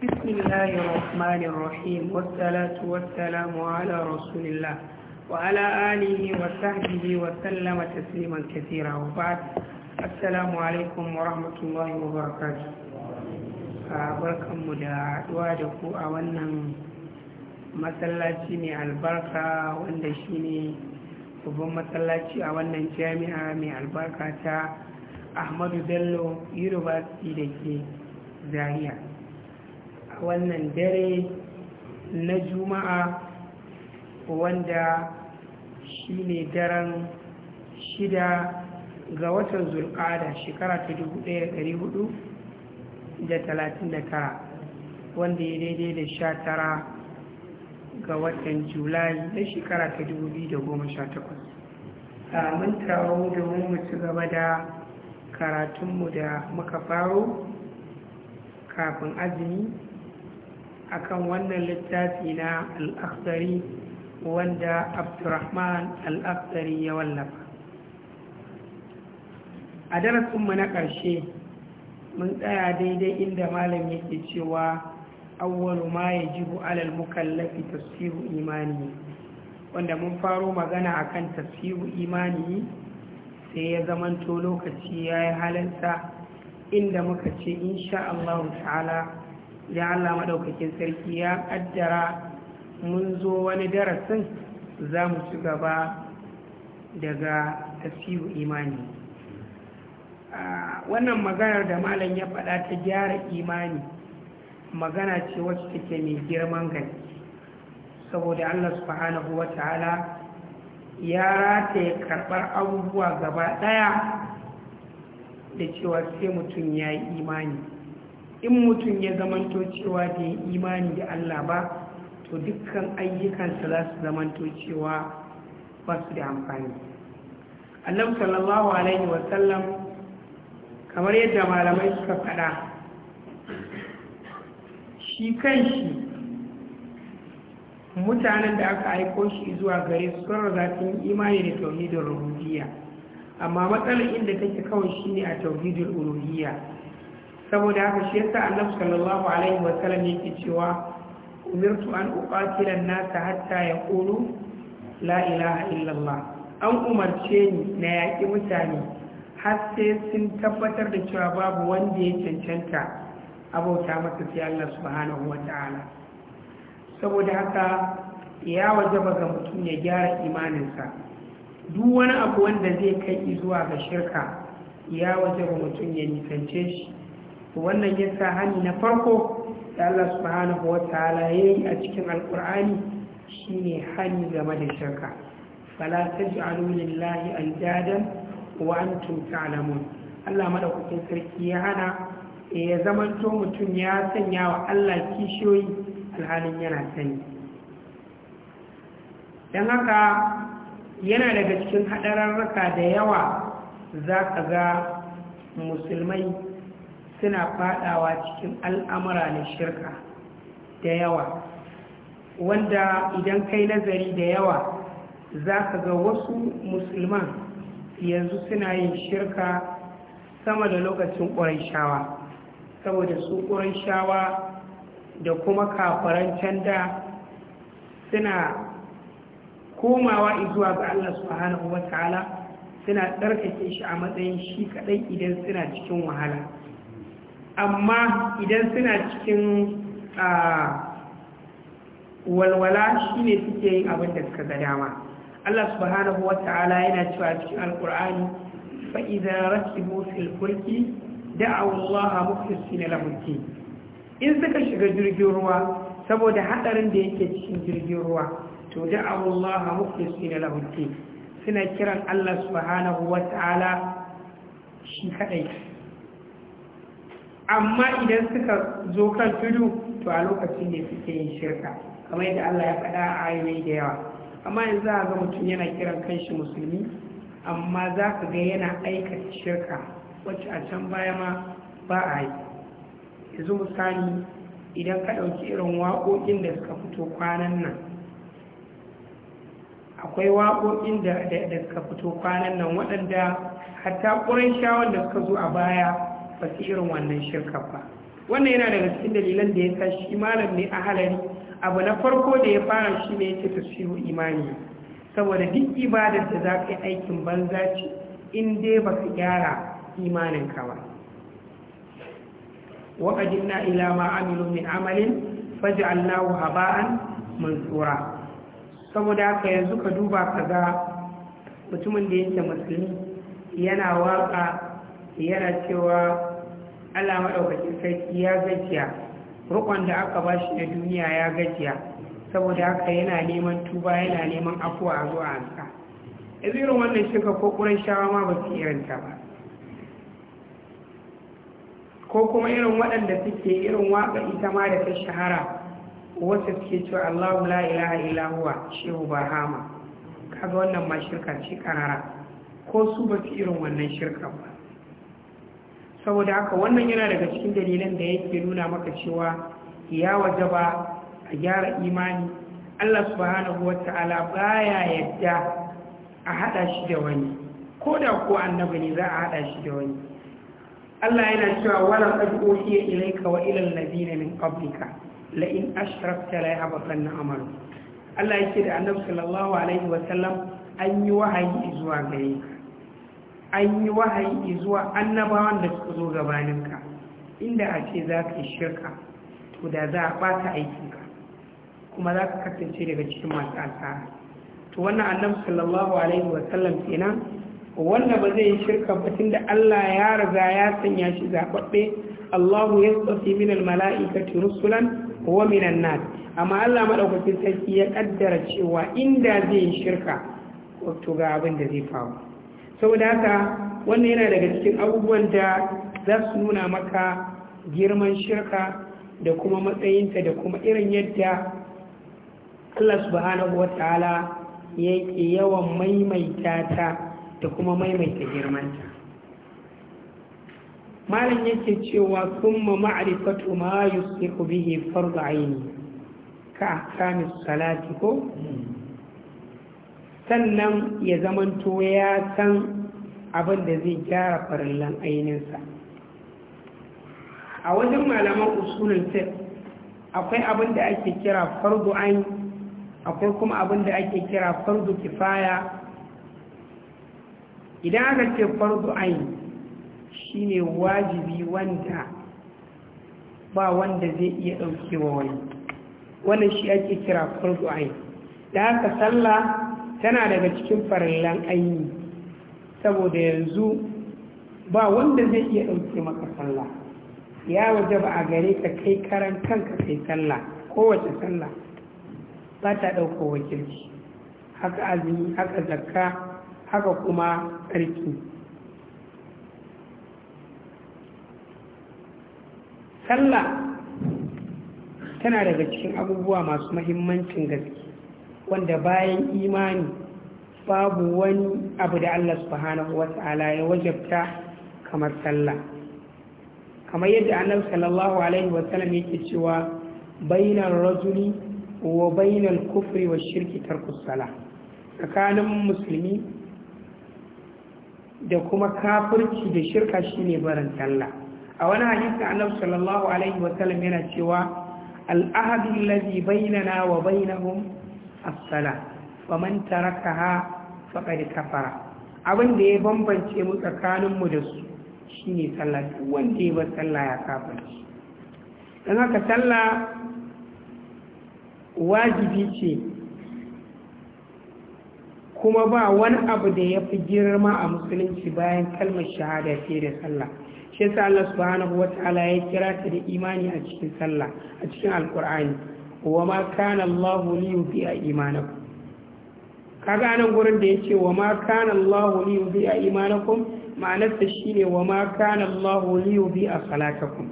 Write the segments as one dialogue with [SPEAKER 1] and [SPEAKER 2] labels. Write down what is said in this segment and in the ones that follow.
[SPEAKER 1] بسم الله الرحمن الرحيم والصلاة والسلام على رسول الله وعلى آله وصحبه وسلم تسليما كثيرا وبعد السلام عليكم ورحمة الله وبركاته barkanmu da haɗuwa da ku a wannan masallaci mai albarka wanda shine babban masallaci a wannan jami'a mai albarka ta ahmadu bello university da ke zaria wannan dare na juma'a wanda shi ne daren shida ga watan zulƙada shekara ta dubu ɗaya da hudu da talatin da tara wanda ya daidai da sha tara ga watan julai na shekara ta dubu biyu da goma sha takwas a mun tawo mu gaba da karatunmu da muka faro kafin azumi akan wannan littafi na al'aksari wanda abdurrahman al'aksari ya wallafa a darasinmu na ƙarshe mun tsaya daidai inda malam yake cewa awwalu ma ya ji alal mukallafi tafsiru imani wanda mun faro magana akan tafsiru imani sai ya zamanto lokaci ya yi halinsa inda muka ce insha Allah ta'ala idan allah maɗaukakin sarki ya ƙaddara mun zo wani darasin za mu ci gaba daga tasiru imani wannan maganar da malam ya faɗa ta gyara imani magana ce wacce take mai girman gaske saboda allah subhanahu wa ta'ala ya rataye karɓar abubuwa gaba ɗaya da cewa sai mutum ya yi imani in mutum ya zamanto cewa da ya imani da Allah ba to dukkan ayyukansa za su zamanto cewa ba su da amfani Allah sallallahu alaihi wasallam kamar yadda malamai suka faɗa shi kan shi mutanen da aka aiko shi zuwa gare su sun sun yi imani da tauhidin rububiyya amma matsalar inda take kawai shine a tauhidin uluhiyya saboda haka shi yasa annabi sallallahu alaihi wa sallam yake cewa umirtu an uqatila an-nasa hatta yaqulu la ilaha illallah an umarce ni na yaki mutane har sai sun tabbatar da cewa babu wanda ya cancanta abauta masa sai Allah subhanahu wa ta'ala saboda haka ya wajaba ga mutum ya gyara imaninsa duk wani abu wanda zai kai zuwa ga shirka ya wajaba mutum ya nisance shi wannan ya sa hani na farko da Allah subhanahu wa ta'ala a cikin alkur'ani shine hani game da shirka fala taj'alu lillahi aljadan wa antum ta'lamun Allah madaukakin sarki ya hana eh, ya zamanto mutum ya sanya wa Allah kishiyoyi alhalin yana sani dan haka yana daga cikin haɗararraka da yawa za ka ga musulmai suna fadawa cikin al'amura na shirka da yawa wanda idan kai nazari da yawa za ka ga wasu musulman yanzu suna yin shirka sama da lokacin ƙuraishawa saboda su shawa da kuma kafaran canda suna komawa izuwa ga Allah subhanahu wa ta'ala suna tsarkake shi a matsayin shi kaɗai idan suna cikin wahala amma idan suna cikin walwala shine suke yin abin da suka ga dama Allah subhanahu ta'ala yana cewa cikin alkur'ani fa idza rakibu fil fulki da'u Allah mukhlisina lahu in suka shiga jirgin ruwa saboda hadarin da yake cikin jirgin ruwa to da'u Allah na lahu suna kiran Allah subhanahu ta'ala shi kadai amma idan suka zo kan tudu to a lokaci ne suke yin shirka kamar yadda Allah ya faɗa a ayoyi da yawa amma yanzu za ga mutum yana kiran shi musulmi amma za ka ga yana aikata shirka wacce a can baya ma ba a yi yanzu misali idan ka ɗauki irin waƙoƙin da suka fito kwanan nan akwai waƙoƙin da suka fito kwanan nan waɗanda hatta ƙurin shawon da suka zo a baya ba su irin wannan shirka ba wannan yana daga cikin dalilan da ya sa shi malam ne a halari abu na farko da ya fara shi ne yake tasiru imani saboda duk ibadar da za ka yi aikin banza ce in dai ba ka gyara imanin kawa ba na ila ma amilu min amalin allahu haba'an mansura saboda haka yanzu ka duba ka ga mutumin da yake musulmi yana waka yana cewa Allah maɗaukakin sarki ya gajiya rukon da aka ba shi na duniya ya gajiya saboda haka yana neman tuba yana neman afuwa a zuwa ansa irin wannan shirka ko ƙuran shawa ma ba su iranta ba ko kuma irin waɗanda suke irin waka ita ma da ta shahara wata suke cewa Allahu la ilaha illa huwa shehu bahama kaga wannan ma shirka ce karara ko su ba su irin wannan shirka ba saboda haka wannan yana daga cikin dalilan da yake nuna maka cewa ya ba a gyara imani Allah subhanahu wata'ala baya yadda a haɗa shi da wani ko da ko annabi ne za a haɗa shi da wani Allah yana cewa wala qad ilaika ilayka wa ila alladhina min qablika la in ashrakta la yahbatanna Allah yake da annabi sallallahu alaihi wa sallam an yi wahayi zuwa gare ka an yi wahayi zuwa annabawan da suka zo gabaninka inda a ce za ka yi shirka to da za a ɓata aikinka kuma za ka kasance daga cikin masu asara to wannan annabi sallallahu alaihi wa sallam kenan wanda ba zai yi shirka ba da Allah ya riga ya sanya shi zaɓaɓɓe? Allahu yastafi min almalaikati rusulan wa min annas amma Allah madaukakin sarki ya kaddara cewa inda zai yi shirka to ga abin da zai faru saboda haka wannan yana daga cikin abubuwan da za su nuna maka girman shirka da kuma matsayinta da kuma irin yadda Allah subhanahu wa ta'ala yake yawan maimaita ta da kuma maimaita girmanta malam yake cewa kuma ma'arifatu ma yusiku bihe farga aini ka ahkamis salati ko hmm. sannan ya zamanto ya san abin da zai gyara farallan sa, a wajen malaman usulun fit akwai abin da ake kira fardu ain akwai kuma abin da ake kira fardu kifaya idan aka ce fardu ain shine wajibi wanda ba wanda zai iya ɗaukewa wani wannan shi ake kira fardu ain da haka sallah tana daga cikin farallan aini saboda yanzu ba wanda zai iya ɗauke maka sallah ya waje ba a gare ka kai karan kanka kai sallah kowace sallah ba ta ɗauka wakilci haka azumi haka zakka haka kuma tsarki sallah tana daga cikin abubuwa masu mahimmancin gaske wanda bayan imani babu wani abu da Allah subhanahu wa ya wajabta kamar sallah kamar yadda annabi sallallahu alaihi wa yake cewa bainar rajuli wa bainar kufri wa shirki tarkus sala tsakanin musulmi da kuma kafirci da shirka shine barin sallah a wani hadisi annabi sallallahu alaihi wa yana cewa al-ahadu alladhi bainana wa bainahum as-sala wa man tarakaha faqad kafara abin da ya bambance mu tsakaninmu da su shine sallah duk wanda ya ba sallah ya kafirci dan haka sallah wajibi ce kuma ba wani abu da ya fi girma a musulunci bayan kalmar shahada fiye da sallah shi yasa Allah subhanahu ala ya kira ta da imani a cikin sallah a cikin alkur'ani wa ma kana Allah li yudhi'a imanakum kaga anan gurin da yace wa ma kana Allah li yudhi'a imanakum ma'anar ta shine wa ma kana Allah li yudhi'a salatakum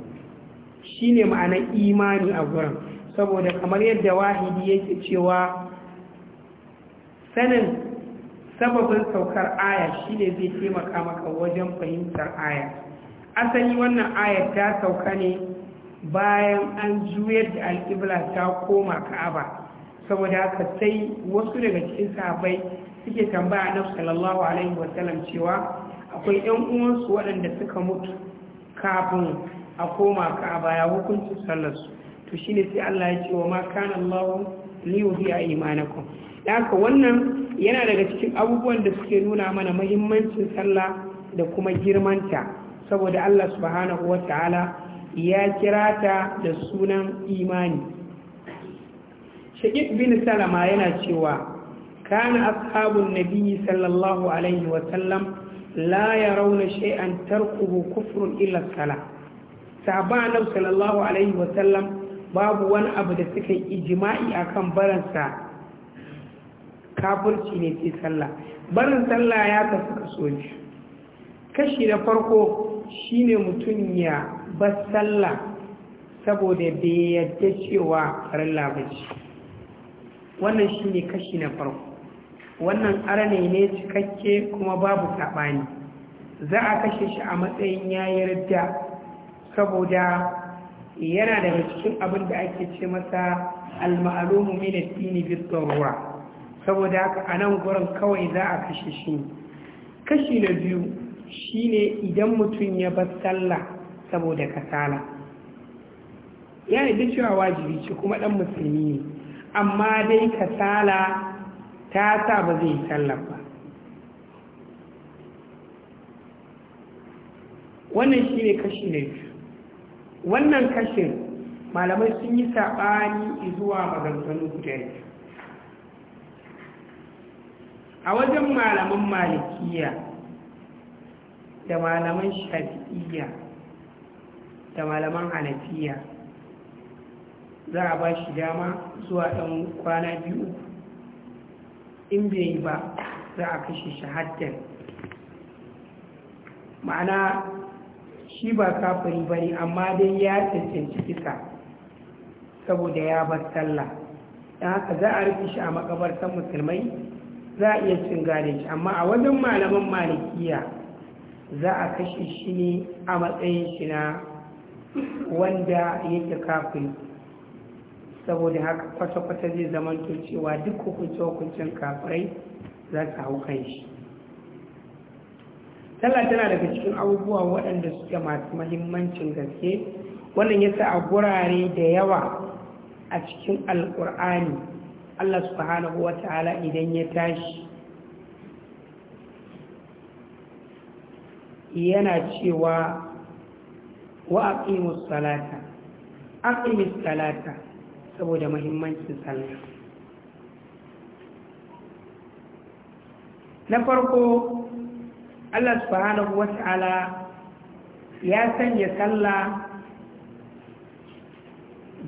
[SPEAKER 1] shine ma'anar imani a gurin saboda kamar yadda wahidi yake cewa sanin sababin saukar aya shine zai taimaka maka wajen fahimtar aya asali wannan aya ta sauka ne bayan an juyar da alƙibla ta koma ka'aba saboda haka sai wasu daga cikin sahabbai suke tambaya na sallallahu alaihi wasallam cewa akwai yan uwansu waɗanda suka mutu kafin a koma ka'aba ya hukunci sallarsu to shine sai Allah ya ce wa ma kana Allah li yuhiya imanakum haka wannan yana daga cikin abubuwan da suke nuna mana mahimmancin sallah da kuma girmanta saboda Allah subhanahu ta'ala. ya kira ta da sunan imani shaƙiƙ bin salama yana cewa kana ashabun nabi sallallahu alaihi wasallam la ya rauna shay'an tarkuhu kufrun illa sala sahaba annab sallallahu alaihi wasallam babu wani abu da suka yi ijima'i akan baransa kafirci ne sai sallah barin sallah ya kasu kaso kashi da farko shine mutum ya bar sallah saboda bai yadda cewa farilla labarci wannan shi ne kashi na farko wannan arane ne cikakke kuma babu saɓani za a kashe shi a matsayin ya yarda saboda yana daga cikin abin da ake ce masa al-ma'alumu min ad-dini bi saboda haka a nan gurin kawai za a kashe shi kashi na biyu shi ne idan mutum ya bar sallah saboda kasala ya yi cewa wajibi ce kuma ɗan musulmi ne amma dai kasala ta sa ba zai yi sallar ba wannan shi ne kashi na biyu wannan kashin malamai sun yi saɓani zuwa maganganu guda biyu a wajen malaman malikiya da malaman shafi'iyya da malaman hanafiya za a ba shi dama zuwa ɗan kwana biyu in bai yi ba za a kashe shahadar ma'ana shi ba kafari ba ne amma dai ya cancanci kisa saboda ya bar sallah don haka za a rufe shi a makabartar musulmai za a iya cin gadon shi amma a wajen malaman malikiya za a kashe shi ne a matsayin shi na wanda yake kafin saboda haka kwata-kwata zai zama cewa duk hukunce-hukuncen kafirai za su hau kan shi sallah tana daga cikin abubuwa waɗanda suke masu mahimmancin gaske wannan yasa a gurare da yawa a cikin alƙur'ani allah subhanahu wa ta'ala idan ya tashi yana cewa wa aqimu salata aqimis salata saboda muhimmancin sallah na farko Allah subhanahu wata'ala ya sanya sallah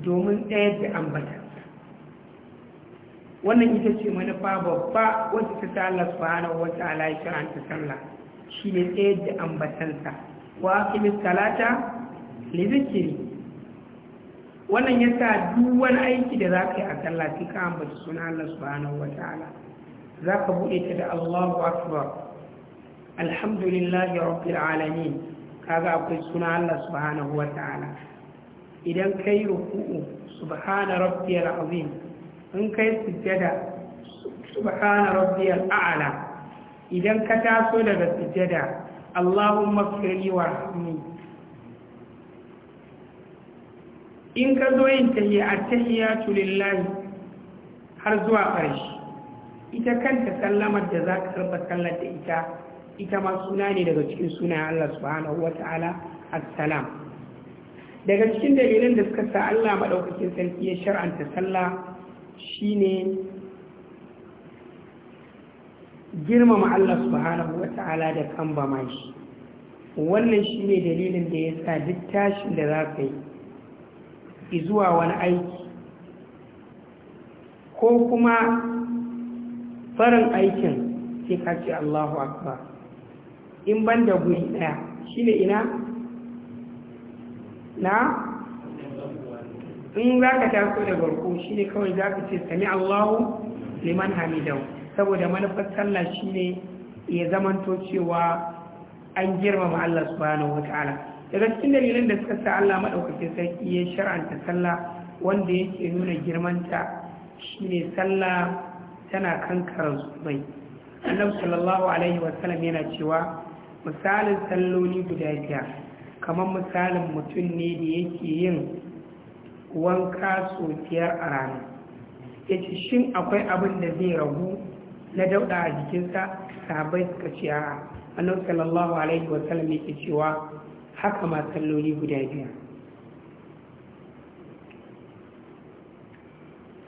[SPEAKER 1] domin ɗaya da ambata wannan ita ce manufa babba wacce ta sa Allah subhanahu wata'ala ya shiranta sallah shi ne ɗaya da ambatansa wa aqimis salata lizikiri wannan ya sa duwan aiki da za ka yi a sallah sai ka ambaci suna Allah subhanahu wa ta'ala za ka buɗe ta da Allahu akbar alhamdulillahi rabbil alamin kaga akwai suna Allah subhanahu wa ta'ala idan kai ruku'u subhana rabbiyal azim in kai sujjada subhana rabbiyal a'la idan ka taso daga sujjada Allahumma firli warhamni in ka zo yin tahiyya lillahi har zuwa ƙarshe ita kanta sallamar da za ka karɓa sallar da ita ita ma suna ne daga cikin sunayen Allah subhanahu ta'ala assalam daga cikin dalilin da suka sa Allah maɗaukacin sarki ya shar'anta sallah shine girmama Allah subhanahu ta'ala da kan ba shi wannan shine dalilin da ya sa duk tashin da za ka yi izuwa wani aiki ko kuma farin aikin sai ka ce Allahu Akbar in ban guri ɗaya shi ina? na? in za ka taso da barko shine kawai za ka ce sami Allahu liman hamidau saboda manufar sallah shine ya zamanto cewa an girmama Allah subhanahu wa ta'ala daga cikin dalilin da suka sa Allah maɗaukakin sarki ya shar'anta sallah wanda yake nuna girmanta shine sallah tana kankara zubai annabi sallallahu alaihi wasallam yana cewa misalin salloli guda biyar kamar misalin mutum ne da yake yin wanka sau biyar a rana ya shin akwai abin da zai ragu na dauɗa a jikinsa sahabai suka ce a annabi sallallahu alaihi wasallam yake cewa haka ma salloli guda biya.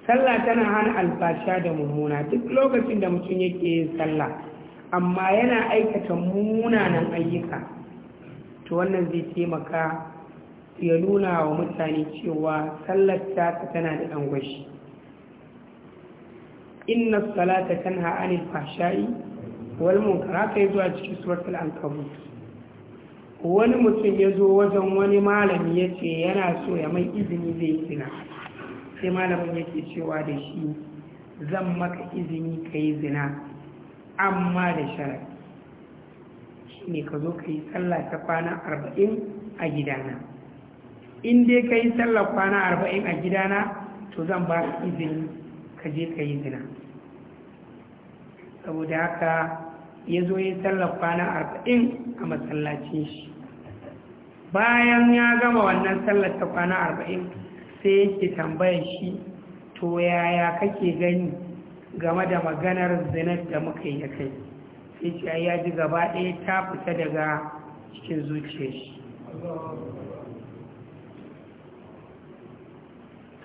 [SPEAKER 1] sallah tana hana alfasha da mummuna duk lokacin da mutum yake yin sallah amma yana aikata munanan ayyuka to wannan zai taimaka ya nuna wa mutane cewa sallar ta tana da ɗan angwashi inna salata tanha anil fahsha'i wal munkar yi zuwa cikin suratul ankabut wani mutum ya zo wajen wani malami ya ce yana so ya mai izini zai zina sai malamin yake cewa da shi zan maka izini ka yi zina amma da sharaɗi shi ne ka zo ka yi sallah ta kwana arba'in a gidana in dai ka yi sallah kwana arba'in a gidana to zan ba ka izini ka je ka yi zina saboda haka ya zo ya sallah kwana arba'in a masallacin shi bayan ya gama wannan sallar ta kwana arba'in sai yake tambayar shi to yaya kake gani game da maganar zinar da muka yi kai sai ce ya ji gaba ɗaya ta fita daga cikin zuciyar shi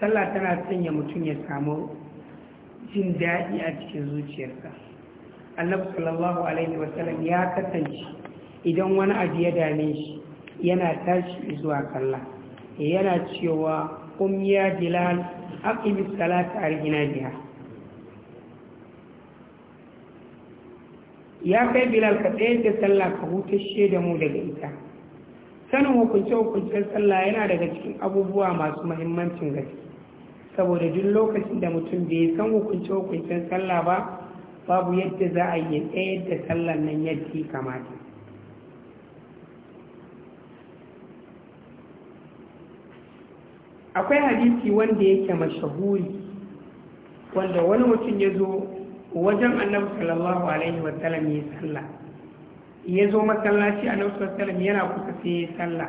[SPEAKER 1] sallah tana sanya mutum ya samu jin daɗi a cikin zuciyarsa annabi sallallahu alaihi wasallam ya kasance idan wani abu ya dame shi yana tashi zuwa sallah yana cewa qum ya bilal aqimi salata arhina biha ya kai bilal ka tsaye da sallah ka hutashe da mu daga ita sanin hukunce hukuncen sallah yana daga cikin abubuwa masu mahimmancin gaske saboda duk lokacin da mutum bai san hukunce hukuncen sallah ba babu yadda za a yi tsaye da sallan nan yadda kamata akwai hadisi wanda yake mashahuri wanda wani mutum ya zo wajen annabi sallallahu alaihi sallam ya sallah ya zo masallaci annabi sallallahu alaihi yana kusa sai ya sallah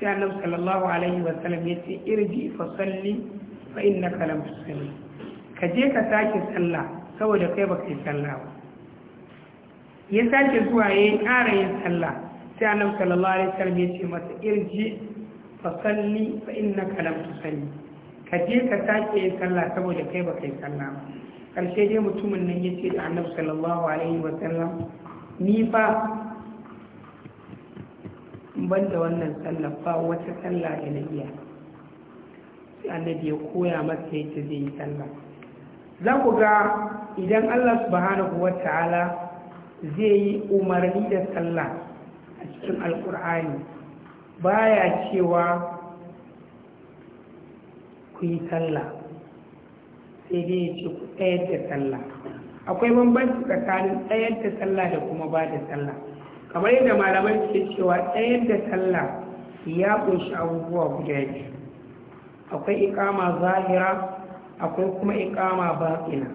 [SPEAKER 1] sai annabi sallallahu alaihi sallam ya ce irji fa salli fa innaka lam tusalli ka je ka sake sallah saboda kai ba kai sallah ba ya sake zuwa ya yi ƙara yin sallah sai annabi sallallahu alaihi sallam ya ce masa irji fasalli fa innaka lam tusalli ka je ka sake yin sallah saboda kai ba kai sallah ba karshe dai mutumin nan yace da annabi sallallahu alaihi wa sallam ni fa ban da wannan sallah fa wata sallah da na iya annabi ya koya masa yace zai yi sallah za ku ga idan Allah subhanahu wa ta'ala zai yi umarni da sallah a cikin alkur'ani baya cewa ku yi sallah sai dai ya ce ku tsayar da sallah akwai bambanci tsakanin tsayar da sallah da kuma ba da sallah kamar yadda malamar ke cewa tsayar da sallah ya kunshi abubuwa guda biyu akwai ikama zahira akwai kuma ikama batsina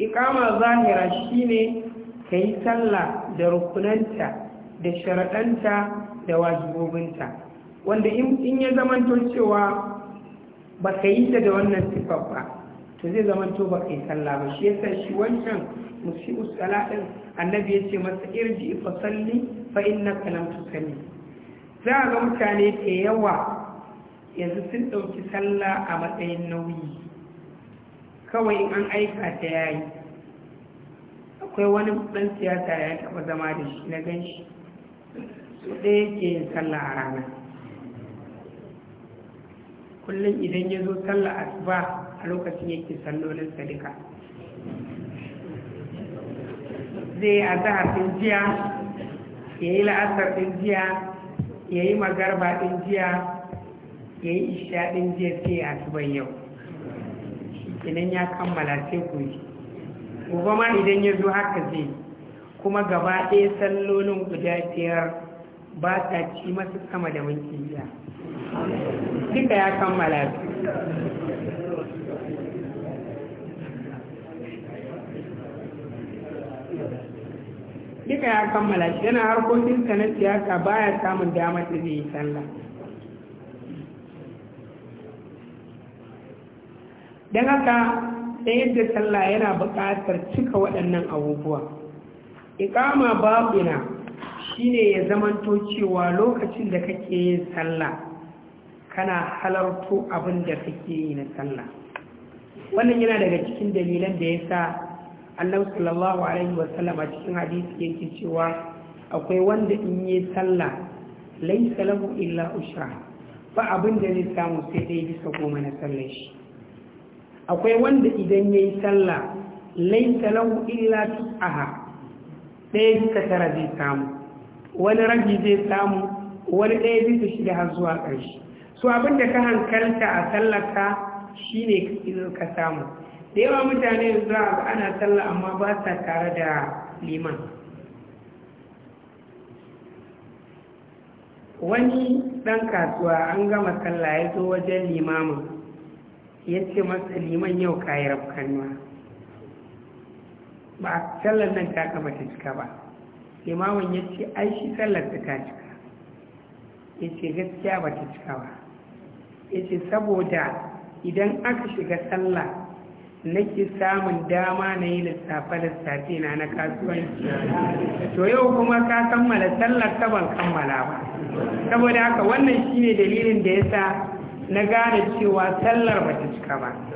[SPEAKER 1] ikama zahira shine ka yi sallah da rukunanta da sharaɗanta da wajibobinta wanda in ya zamanto cewa ba ka yi ta da wannan sifar ba to zai zamanto ba ka yi sallah ba shi yasa shi wancan musibu salatin annabi ya ce masa irji fa salli fa inna lam tusalli za a ga mutane da yawa yanzu sun ɗauki sallah a matsayin nauyi kawai in an aika ta yayi akwai wani ɗan siyasa ya taba zama da shi na gan su yake yin sallah a rana kullum idan ya zo sallah asuba a lokacin yake sallolin sadika zai a zahar ɗin jiya ya yi la'asar ɗin jiya ya yi magarba ɗin jiya ya yi isha ɗin jiya sai asuban yau idan ya kammala sai ku yi gobe ma idan ya zo haka zai kuma gaba ɗaya sallolin guda biyar ba ta ci masu sama da minti biya duka ya kammala su duka ya kammala shi yana harkokinsa na siyasa baya samun damar da zai yi sallah don haka ta yadda sallah yana buƙatar cika waɗannan abubuwa iƙama na. shine ya zamanto cewa lokacin da kake yin sallah kana halarto abin da kake yi na sallah wannan yana daga cikin dalilan da ya sa Allah sallallahu alaihi wasallam a cikin hadisi yake cewa akwai wanda in yi sallah lai lahu illa usha ba abin da zai samu sai dai bisa goma na sallar shi akwai wanda idan ya yi sallah lai lahu illa tu'aha ɗaya bisa tara zai samu wani ragi zai samu wani ɗaya bisa da har zuwa ƙarshe Su abin da ka hankalta a sallaka shi ne ka samu da yawa mutane za a ana sallah amma ba sa tare da liman wani ɗan kasuwa an gama tsalla ya zo wajen limamin ya ce masa liman yau kayi rafkanuwa ba a sallar nan ta kama ta cika ba imamun ya ce ai shi sallar ta cika ya ce gaskiya ba ta cika ba ya ce saboda idan aka shiga sallah nake samun dama na yi lissafe-lissafe na na kasuwanci to yau kuma ka kammala sallar ta ban kammala ba saboda haka wannan shine dalilin da ya sa na gane cewa sallar ba ta cika ba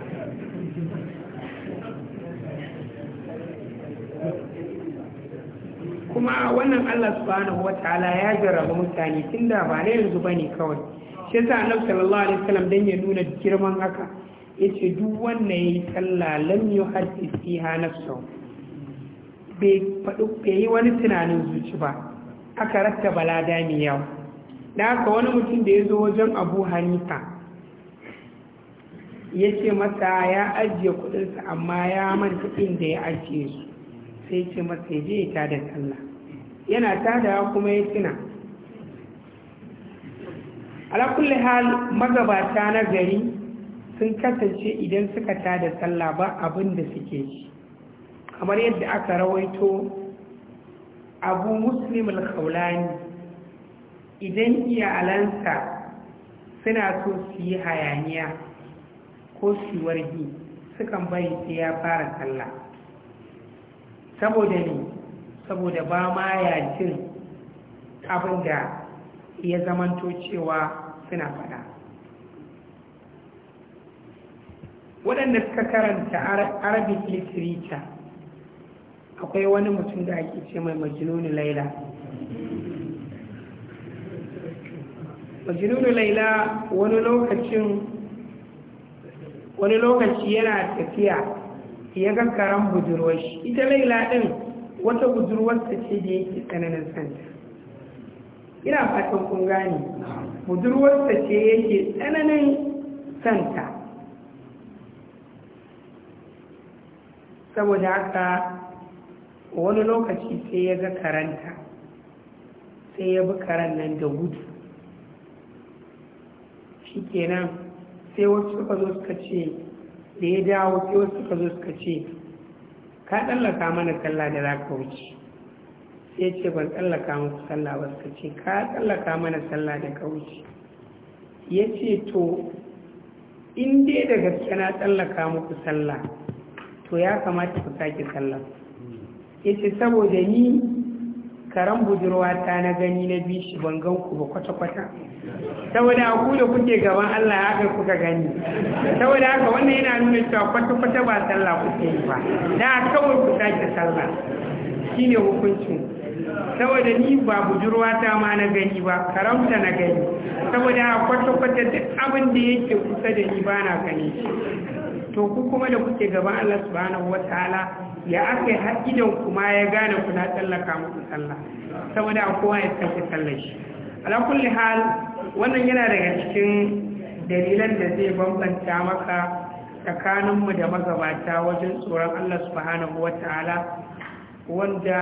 [SPEAKER 2] kuma wannan Allah
[SPEAKER 1] subhanahu wataala ya jarraba mutane tunda ba ne yanzu bane kawai shi yasa Annabi sallallahu alaihi wasallam dan ya nuna girman haka yace duk wanda yayi sallah lam yuhaddis fiha nafsuhu bai fadu bai yi wani tunanin zuci ba aka rattaba lada mi yau. da haka wani mutum da ya zo wajen Abu Hanifa yace masa ya ajiye kuɗinsa amma ya manta inda ya ajiye su sai ce masa ya je ta da sallah yana tada kuma ya tuna alakulli hal magabata na gari sun kasance idan suka tada sallah ba abin da suke ci kamar yadda aka rawaito abu muslim al-kaulani idan iyalansa suna so su yi hayaniya ko su wargi sukan bari sai ya fara sallah saboda ne saboda ba ma ya jin abin da ya zamanto cewa suna fada waɗanda suka karanta arabic literature akwai wani mutum da ake ce mai Majinuni laila Majinuni laila wani lokacin wani lokaci yana tafiya ya ga karan budurwashi ita laila ɗin wata budurwarsa ce da yake tsananin santa ina fatan kun gane budurwarsa ce yake tsananin santa saboda haka wani lokaci sai ya ga karanta sai ya bi karan nan da gudu shi kenan sai wasu suka zo suka ce da ya dawo sai wasu suka zo suka ce ka tsallaka mana sallah da za ka wuce sai ce ban tsallaka muku sallah ba suka ce ka tsallaka mana sallah da ka wuce ya ce to in dai da gaske na tsallaka muku sallah to ya kamata ku sake sallah ya ce saboda ni karan budurwa ta na gani na bi shi ban gan ku ba kwata-kwata saboda ku da kuke gaban Allah ya haka kuka gani saboda haka wannan yana nuna cewa kwata-kwata ba sallah kuke yi ba da kawai ku sake sallah shi ne hukuncin saboda ni ba budurwa ta ma na gani ba karamta na gani saboda kwata-kwata duk abin da yake kusa da ni ba na gani to ku kuma da kuke gaban Allah subhanahu wataala ya aka yi har idan kuma ya gane kuna tsallaka mutu tsalla saboda kowa ya tafi sallar shi alakulli hal wannan yana daga cikin dalilan da zai bambanta maka tsakaninmu da magabata wajen tsoron Allah subhanahu wata'ala wanda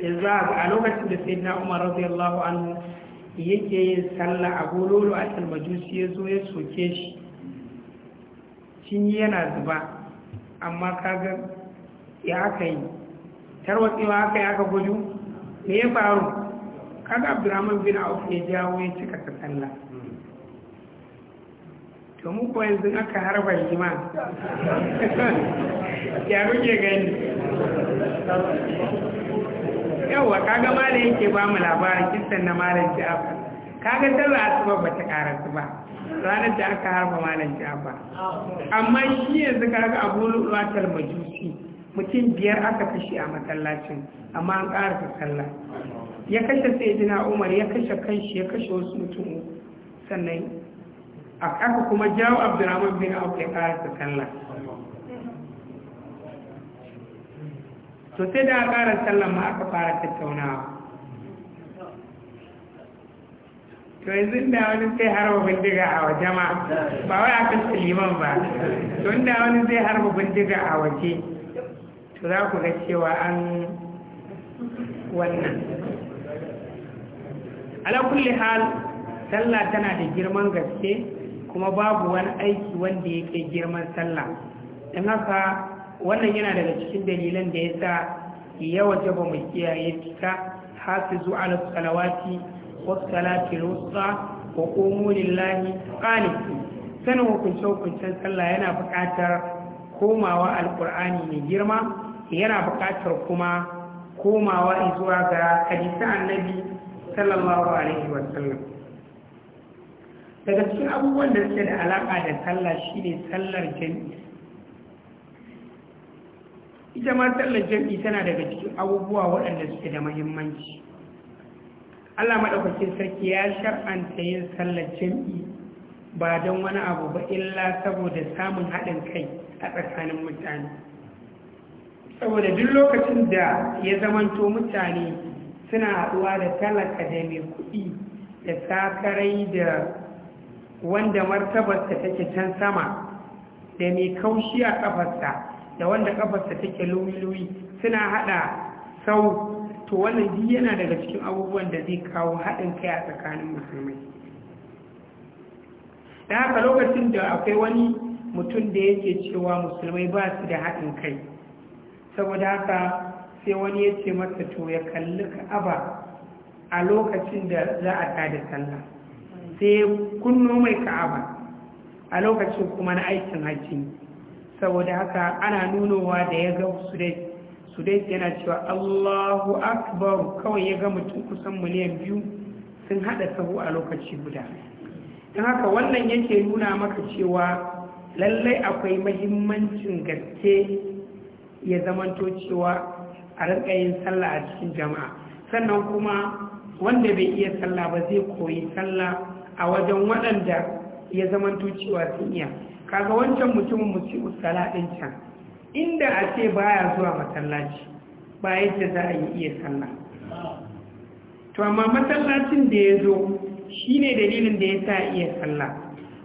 [SPEAKER 1] za a lokacin da sai na umar radiyallahu anhu yake yin sallah a gololo a talmajusi ya zo ya soke shi cinye yana zuba amma kaga ya aka yi tarwatsewa aka yi aka gudu me ya faru Kada abdurrahman bin auf ya jawo ya cika ta tsalla to mu ko yanzu aka harba liman ya kuke gani yawwa kaga ma da yake ba mu labarin kisan na malam jafa kaga a asuba ba ta karasu ba ranar da aka harba malam jafa amma shi yanzu kaga abu lu'luwatar talmajusi mutum biyar aka kashe a masallacin amma an ƙara tsalla ya kashe jina, umar ya kashe kanshi ya kashe wasu mutum sannan aka kuma jawo abdurrahman bin auf ya ƙara ka tsalla sosai da ƙara sallah ma aka fara tattaunawa to yanzu da wani zai harba bindiga a waje ma ba wai a kan liman ba to da wani zai harba bindiga a waje to za ku ga cewa an wannan ala kulli hal sallah tana da girman gaske kuma babu wani aiki wanda ya kai girman sallah don haka wannan yana daga cikin dalilan da ya sa ya waje ba mai kiyaye cika hafizu ala salawati wa salati rusa wa qumu lillahi qanitin sanin hukunce hukuncen sallah yana bukatar komawa alqur'ani mai girma yana buƙatar kuma komawa zuwa ga hadisa annabi sallallahu alaihi wasallam daga cikin abubuwan da suke da alaƙa da sallah shine sallar jami'i ita ma sallar jami'i tana daga cikin abubuwa waɗanda suke da muhimmanci Allah maɗaukacin sarki ya shar'anta yin sallar jami'i ba don wani abu ba illa saboda samun haɗin kai a tsakanin mutane saboda duk lokacin da ya zamanto mutane suna haɗuwa da talaka da mai kuɗi da takarai da wanda martabarsa take can sama da mai kaushi a ƙafarsa da wanda ƙafarsa take luwi-luwi suna haɗa sau to wannan duk yana daga cikin abubuwan da zai kawo haɗin kai a tsakanin musulmai da haka lokacin da akwai wani mutum da yake cewa musulmai ba su da haɗin kai saboda haka sai wani ya ce masa to ya kalli ka'aba a lokacin da za a tada sallah sai kunno mai ka'aba a lokacin kuma na aikin hajji saboda haka ana nunowa da ya ga su dai yana cewa allahu akbar kawai ya ga mutum kusan miliyan biyu sun haɗa sahu a lokaci guda don haka wannan yake nuna maka cewa lallai akwai mahimmancin gaske ya zamanto cewa a rinka yin sallah a cikin jama'a sannan kuma wanda bai iya sallah ba zai koyi sallah a wajen waɗanda ya zamanto cewa sun iya kaga wancan mutumin musibu sala ɗin can inda a ce baya zuwa masallaci ba yadda za a yi iya sallah to amma masallacin da ya zo shine dalilin da ya sa iya sallah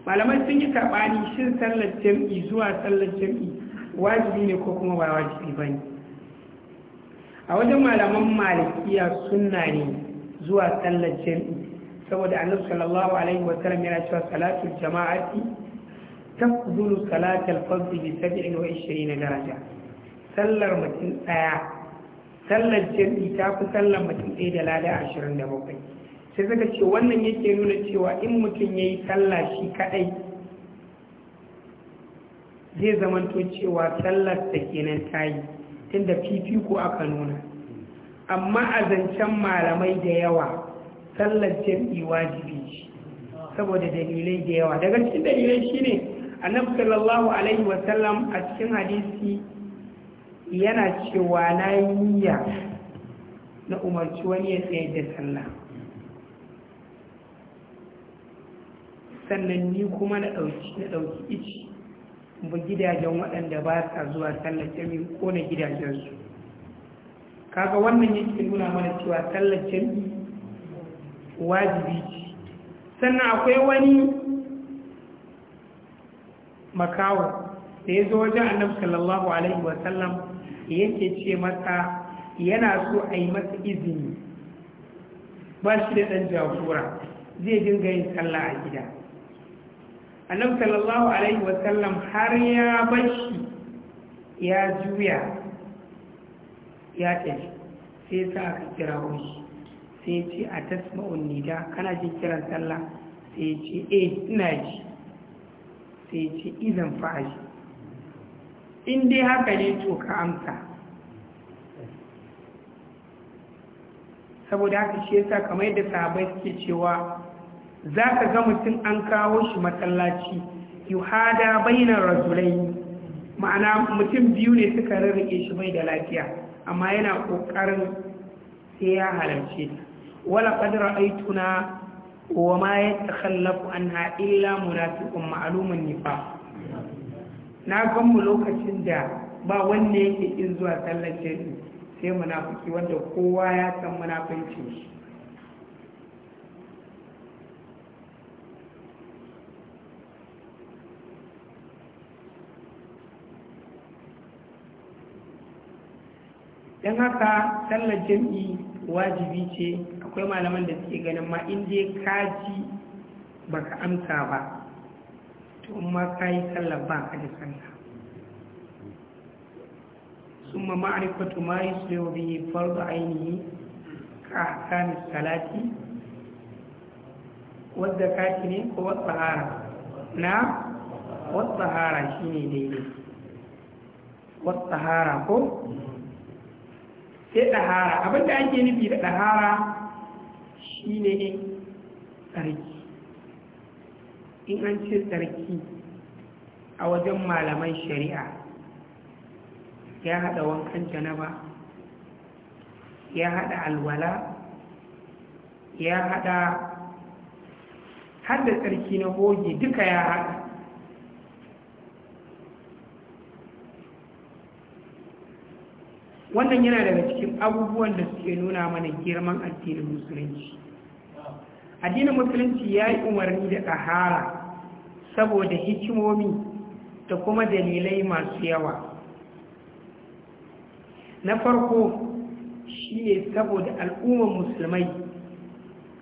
[SPEAKER 1] malamai sun yi saɓani shin sallar jam'i zuwa sallar jam'i wajibi ne ko kuma ba wajibi ba ne a wajen malaman malikiya suna ne zuwa sallar jami'i saboda annabi sallallahu alaihi wa sallam yana cewa salatul jama'ati tafdulu salatul fardhi bi 27 daraja sallar mutum daya sallar jami'i ta fi sallar mutum ɗaya da lada 27 sai suka ce wannan yake nuna cewa in mutum yayi sallah shi kadai zai zamanto cewa sallar da kenan ta yi inda fifiko aka nuna amma a zancen malamai da yawa sallar jam'i wajibi ce saboda dalilai da yawa daga cikin dalilai shine annabi sallallahu alaihi wa sallam, a cikin hadisi yana cewa na yi niyya na umarci wani ya tsaye da sallah sannan ni kuma na ɗauki ici ba gidajen waɗanda ba sa zuwa sallar jami'i ko na gidajensu kaga wannan yake nuna mana cewa sallar wajibi ce sannan akwai wani makawo da ya zo wajen annabi sallallahu alaihi sallam yake ce masa yana so a yi masa izini ba shi da ɗan jagora zai dinga yin sallah a gida annabi sallallahu alaihi wasallam har ya bashi ya juya ya tafi sai sa aka kira wani sai ce a tasma'un nida kana jin kiran sallah sai ce eh ina ji sai ce izan fa'aji in dai haka ne to ka amsa saboda haka shi yasa kamar yadda sahabai suke cewa za ka ga mutum an kawo shi matsalaci yuhada bainar rasulai ma'ana mutum biyu ne suka rarrake shi bai da lafiya amma yana ƙoƙarin sai ya halarce ta wala ƙadar aituna wa ma ya anha illa munafiqun ma'lumun nifa. na ganmu mu lokacin da ba wanne yake in zuwa sallar sai munafiki wanda kowa ya san munafincin shi don haka sallar jam'i wajibi ce akwai malaman da suke ganin ma in dai ya ba ka amsa ba to ma ka yi sallar ba ka da sallar sun ma ma'arifatu ma yi su yau biyu farzo ainihi ka sami salati wadda kati ne ko wata hara na wasu hara shi ne daidai wasu hara ko sai ɗahara abinda ake nufi da ɗahara shi ne tsarki in an ce tsarki a wajen malaman shari'a ya haɗa wankan janaba ya haɗa alwala ya haɗa har da tsarki na goge duka ya haɗa wannan yana daga cikin abubuwan da suke nuna mana girman addinin musulunci addinin musulunci ya yi umarni da ɗahara saboda hikimomi da kuma dalilai masu yawa na farko shi ne saboda al'ummar musulmai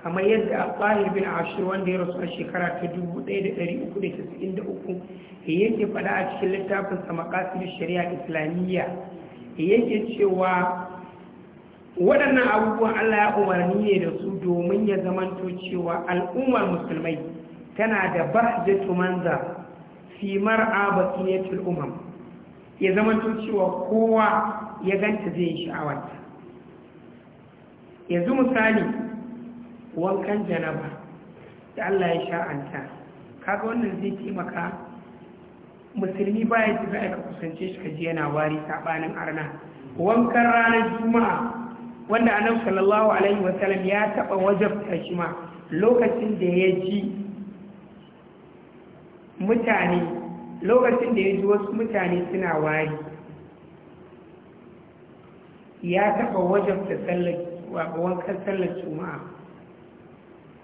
[SPEAKER 1] kamar yadda a bahir bin ashir wanda ya rasu a shekara ta 1393 yake faɗa a cikin littafinsa makasir shari'a islamiyya yake cewa waɗannan abubuwan Allah ya umarni ne da su domin ya zamanto cewa al'ummar musulmai tana da bahjatu manza fi mar'a basiyatul umam ya zamanto cewa kowa ya ganta zai yi sha'awarta yanzu misali wankan janaba da Allah ya sha'anta kaga wannan zai taimaka musulmi baya ji za a ka kusance shi kaji yana wari saɓanin arna wankan ranar juma'a wanda annabi sallallahu alaihi wa sallam ya taɓa wajabta shi ma lokacin da ya ji mutane lokacin da ya ji wasu mutane suna wari ya taɓa wajabta wankan sallar juma'a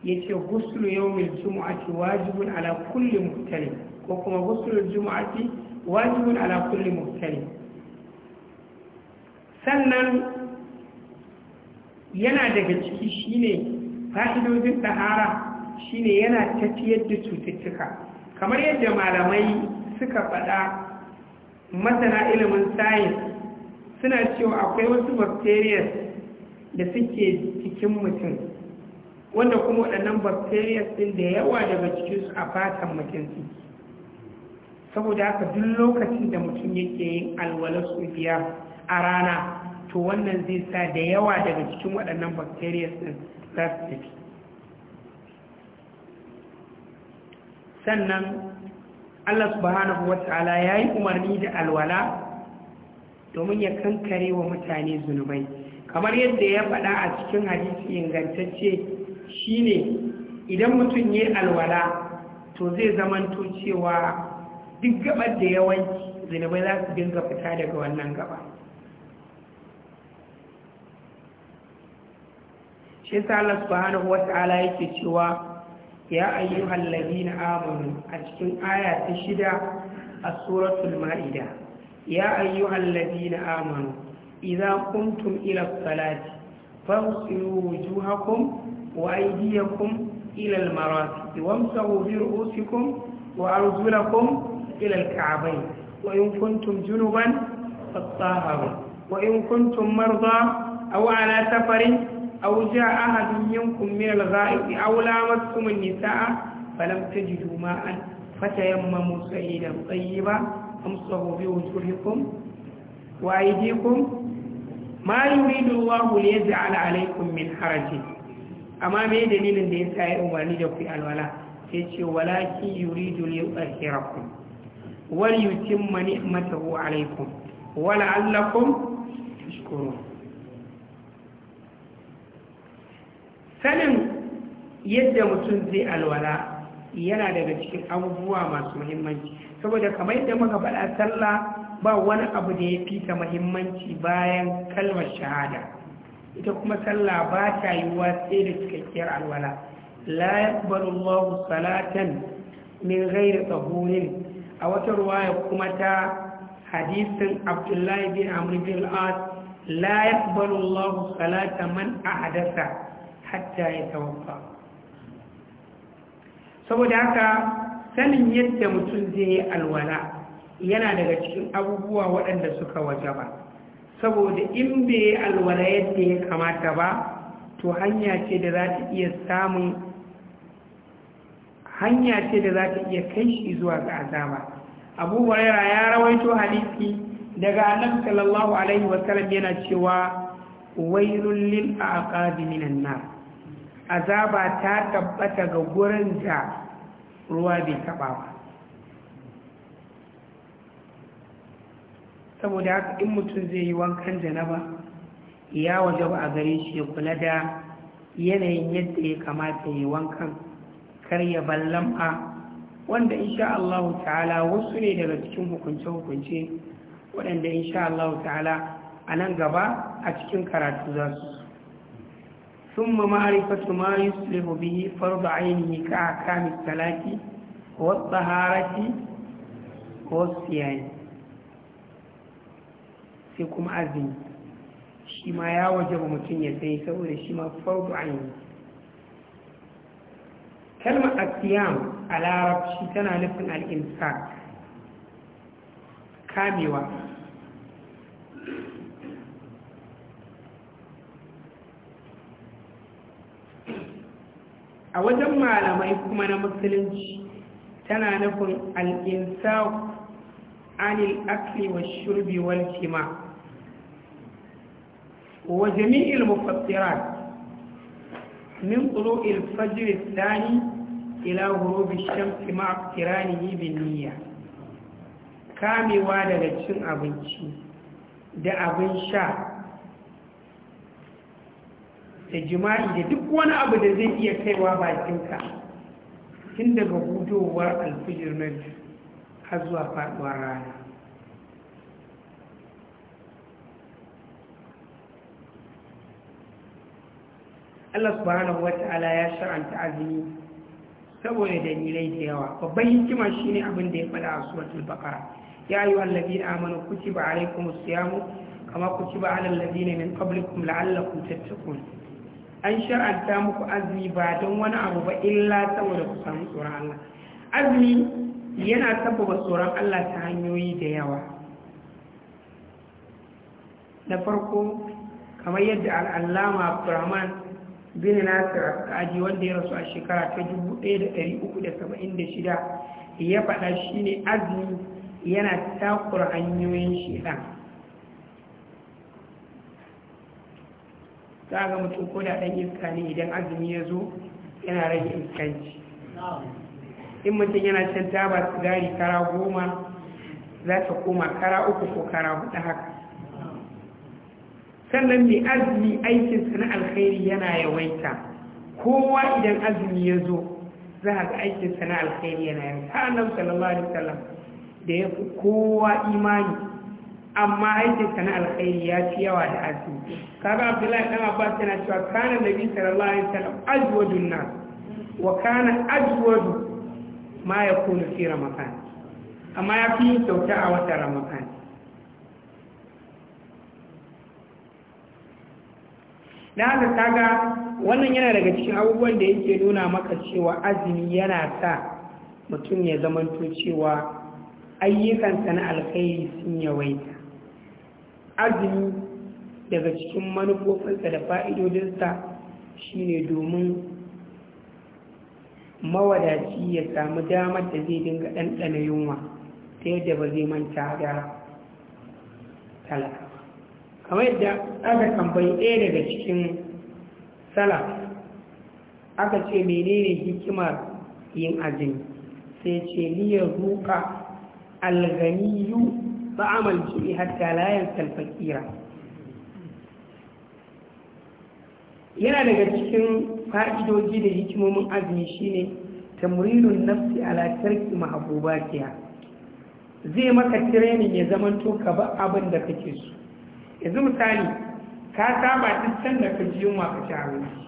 [SPEAKER 1] ya ce guslu yau mai juma'a ce wajibin ala kullum mutane ko kuma gusulul juma'ati wajibun ala kulli muhtari sannan yana daga ciki shine fa'idodin ɗahara shine yana tafiyar da cututtuka kamar yadda malamai suka faɗa masana ilimin sayins suna cewa akwai wasu bacteria da suke cikin mutum wanda kuma waɗannan bacteria ɗin da yawa daga cikinsu a fatan mutum saboda haka duk lokacin da mutum yake yin alwalar biyar a rana to wannan zai sa da yawa daga cikin waɗannan bacteria ɗin za su tafi sannan allah subhanahu wa ta'ala ya yi umarni da alwala domin ya kankare wa mutane zunubai kamar yadda ya faɗa a cikin hadisi ingantacce shine idan mutum ya alwala to zai zamanto cewa duk gabar da yawanci zinabai za su dinga fita daga wannan gaba shi sa Allah subhanahu ala yake cewa ya ayyuhal na amanu a cikin aya ta shida a suratul ma'ida ya ayyuhal ladina amanu idza qumtum ila salati fawsilu wujuhakum wa aydiyakum ila al-marafiq wamsahu bi wa kun? إلى الكعبين وإن كنتم جنبا فاطهروا وإن كنتم مرضى أو على سفر أو جاء أحد منكم من الغائط أو لامستم النساء فلم تجدوا ماء فتيمموا سعيدا طيبا فامسحوا بوجوهكم وأيديكم ما يريد الله ليجعل عليكم من حرج أما ما دليل ده يسعي أمرني ده في الولاء يقول ولكن يريد ليطهركم wal yutimma ni'matahu alaikum wa la'allakum tashkurun sanin yadda mutum zai alwala yana daga cikin abubuwa masu muhimmanci saboda kamar yadda muka faɗa sallah ba wani abu da ya fi ta muhimmanci bayan kalmar shahada ita kuma sallah ba ta yiwuwa sai da cikakkiyar alwala la yaqbalu Allahu salatan min ghairi tahurin a wata ruwaya kuma ta hadisin abdullahi bin amr bin al'ad la yaqbalu Allah salata man a hadasa hatta ya tawafa saboda haka sanin yadda mutum zai yi alwala yana daga cikin abubuwa waɗanda suka waje ba saboda in bai alwala yadda ya kamata ba to hanya ce da za ta iya samun hanya ce da za ta iya kai shi zuwa ga azaba abu huraira ya rawaito hadisi daga annabi sallallahu alaihi wasallam yana cewa wailul lil aqabi minan nar azaba ta tabbata ga gurin da ruwa bai taba ba saboda haka in mutum zai yi wankan janaba ya waje ba a gare shi ya kula da yanayin yadda ya kamata ya yi wankan karya ballam'a wanda insha Allah ta'ala wasu ne daga cikin hukunce-hukunce waɗanda insha Allah ta'ala a nan gaba a cikin karatu za su sun ma ma'arifatu ma yuslihu bihi da ainihi ka a kamis talaki wasu harati wasu yayi sai kuma azumi shi ma ya waje ba mutum ya sai saboda shi ma da ainihi kalmar asiyam a larabci tana nufin al'insa kamewa a wajen malamai kuma na musulunci tana nufin al'insa anil akli wa shurbi kima wa jami'il mufassirat min ƙulo ilfajir dani ila hurubi shamsi ma kirani ibin niyya kamewa daga cin abinci da abin sha da jima'i da duk wani abu da zai iya kaiwa bakinka tun daga hudowar alfijir na har zuwa faɗuwar rana Allah subhanahu wata'ala ya sha'anta azumi saboda dalilai da yawa babban hikima shine abin da ya faɗa a suratul baqara ya ayu allazina amanu kutiba alaykumus siyamu kama kutiba alal ladina min qablikum la'allakum tattaqun an sha'anta muku azumi ba don wani abu ba illa saboda ku samu tsoron Allah azumi yana sabbaba tsoron Allah ta hanyoyi da yawa na farko kamar yadda al'allama abdurrahman bin nasir al aji wanda ya rasu a shekara ta 1376 ya faɗa shine azumi yana takura hanyoyin shedan za ga mutum ko da ɗan iska ne idan azumi ya zo yana rage iskanci in mutum yana ba taba sigari kara goma za ta koma kara uku ko kara hudu haka sannan mai azumi aikinsa na alkhairi yana yawaita kowa idan azumi ya zo za a ga aikin na alkhairi yana yawaita annabi sallallahu alaihi wasallam da ya fi kowa imani amma aikinsa na alkhairi ya ci yawa da azumi kaga abdullahi dan abbas yana cewa kana da sallallahu alaihi wasallam azwadun nas wa kana azwadu ma ya yakunu fi ramadan amma ya fi yin kyauta a watan ramadan da haka kaga wannan yana daga cikin abubuwan da yake nuna maka cewa azumi yana sa mutum ya zamanto cewa ayyukansa na alkhairi sun yawaita azumi daga cikin manufofinsa da fa'idodinsa shine domin mawadaci ya samu damar da zai dinga ɗanɗana yunwa ta yadda ba zai manta da talaka kamar yadda aka tambayi ɗaya daga cikin salaf aka ce menene hikimar yin azumi sai ce liyar ruka alganiyu ba amal jibi hatta layan salfakira yana daga cikin fa'idoji da hikimomin azumi shine tamrinun nafsi ala tarki mahabubatiya zai maka tirenin ya zamanto ka ba abin da kake so yanzu misali ka saba duk can ka ji yunwa ka ci abinci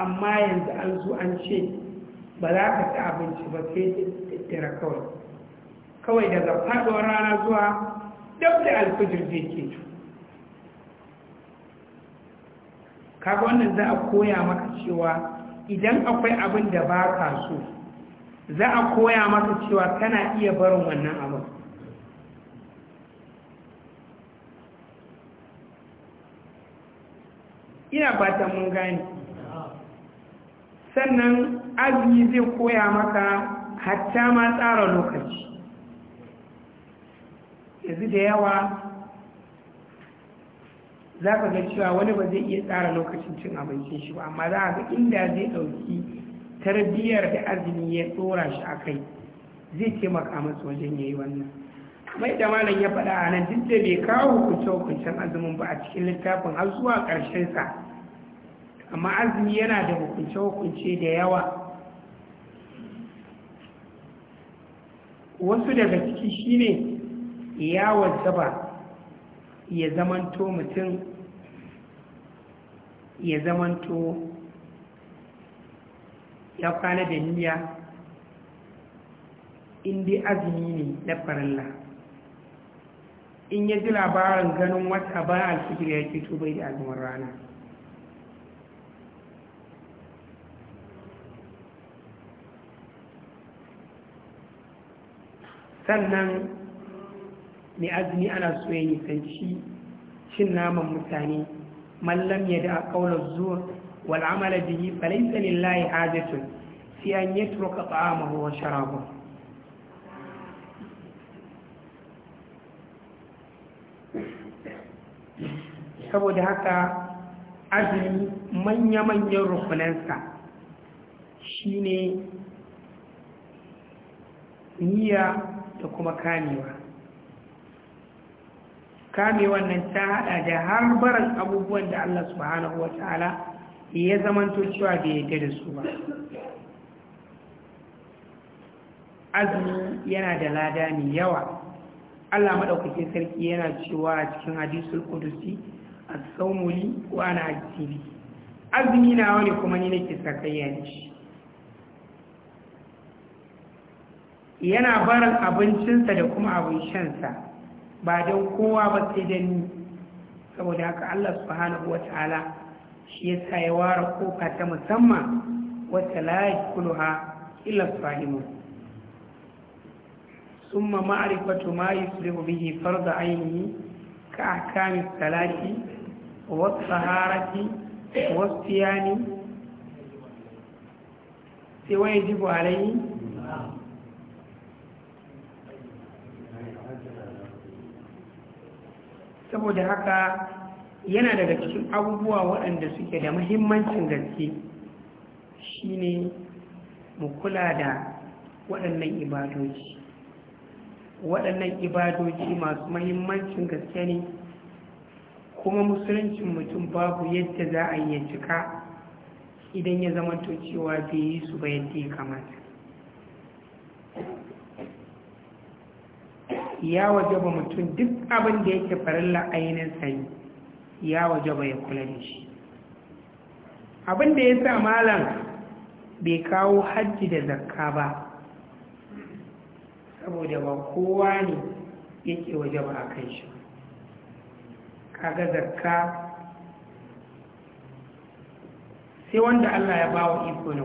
[SPEAKER 1] amma yanzu an zo an ce ba za ka ci abinci ba sai tattara kawai kawai daga faɗuwar rana zuwa duk da alfijir zai ke tu kaga wannan za a koya maka cewa idan akwai abin da ba ka so za a koya maka cewa kana iya barin wannan abin ina fatan mun gane sannan azumi zai koya maka hatta ma tsara lokaci yanzu da yawa za ka ga cewa wani ba zai iya tsara lokacin cin abincin shi ba amma za a ga inda zai ɗauki tarbiyyar da azumi ya tsora shi a kai zai taimaka masa wajen ya yi wannan mai da malam ya faɗa a nan duk da bai kawo hukuncen hukuncen azumin ba a cikin littafin har zuwa ƙarshen sa amma azumi yana da hukunce-hukunce da yawa wasu daga ciki shine ya wajaba ya zamanto mutum ya zamanto ya kwana da niyya inda azumi ne na farilla in ya ji labarin ganin wata bayan alfijir ya ke da azumin rana sannan mai azumi ana so ya nisanci cin naman mutane mallam ya da kaular zuwa wal amala bihi falaysa lillahi hajatun fi an yatruka ta'amahu wa sharabahu saboda haka azumi manya-manyan rukunansa shine niyya da kuma kamewa kamewan nan ta haɗa da har baran abubuwan da Allah subhanahu ta'ala ya zamanto cewa bai yadda da su ba azumi yana da lada mai yawa Allah maɗaukacin sarki yana cewa a cikin hadisul kudusi a saumuli wa na azumi azumi na wani kuma ni nake sakayya shi. yana barin abincinsa da kuma abin shansa ba don kowa ba sai don ni saboda haka Allah subhanahu wa ta'ala shi ya sa ya ware kofa ta musamman wata layi kuluha illa fahimu summa ma'rifatu ma yuslihu bihi fardu ainihi ka ahkami salati wa taharati wa siyani sai wani jibo alayhi saboda haka yana daga cikin abubuwa waɗanda suke da mahimmancin gaske shine mu kula da waɗannan ibadoji waɗannan ibadoji masu mahimmancin gaske ne kuma musuluncin mutum babu yadda za a iya cika idan ya zama to cewa bai yi su ba yadda ya kamata ya waje ba mutum duk abin da yake farilla ainihin sani ya waje ba ya kula da shi abin da ya sa malam bai kawo hajji da zakka ba saboda ba kowa ne yake waje ba a kan shi kaga zakka sai wanda allah ya ba wa iko na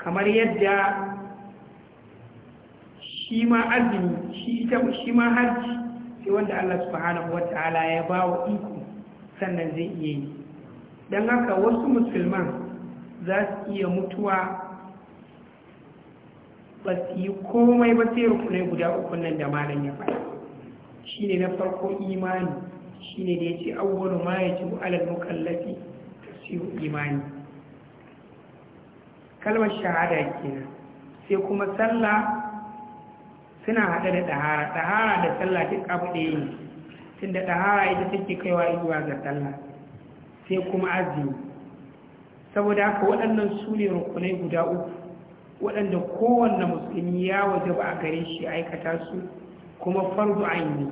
[SPEAKER 1] kamar yadda shi ma azumi shi ma hajji sai wanda Allah subhanahu wataala ya ba wa iko sannan zai iya yi don haka wasu musulman za su iya mutuwa ba su yi komai ba sai rukunai guda uku nan da malam ya faɗa shine na farko imani shine da ya ce abubuwan ma ya yajibu alal mukallafi tasiru imani kalmar shahada kenan sai kuma sallah suna haɗe da ɗahara ɗahara da sallah duk abu ɗaya ne tunda ɗahara ita take kaiwa zuwa ga sallah sai kuma azumi saboda haka waɗannan su ne rukunai guda uku waɗanda kowanne musulmi ya waje ba a gare shi aikata su kuma farzu yi